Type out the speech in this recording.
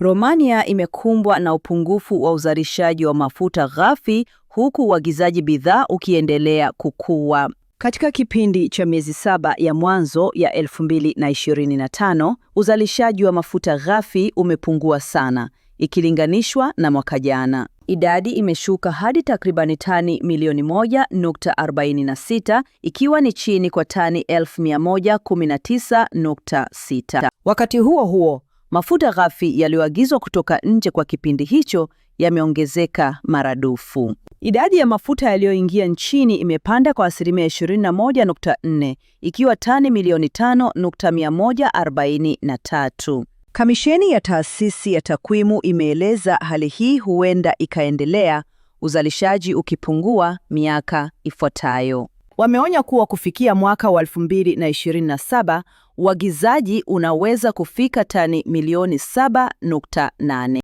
Romania imekumbwa na upungufu wa uzalishaji wa mafuta ghafi huku uagizaji bidhaa ukiendelea kukua. Katika kipindi cha miezi saba ya mwanzo ya 2025, uzalishaji wa mafuta ghafi umepungua sana ikilinganishwa na mwaka jana. Idadi imeshuka hadi takribani tani milioni 1.46 ikiwa ni chini kwa tani 119.6. Wakati huo huo, Mafuta ghafi yaliyoagizwa kutoka nje kwa kipindi hicho yameongezeka maradufu. Idadi ya mafuta yaliyoingia nchini imepanda kwa asilimia 21.4 ikiwa tani milioni 5.143. Kamisheni ya Taasisi ya Takwimu imeeleza hali hii huenda ikaendelea, uzalishaji ukipungua miaka ifuatayo. Wameonya kuwa kufikia mwaka wa 2027 uagizaji unaweza kufika tani milioni 7.8.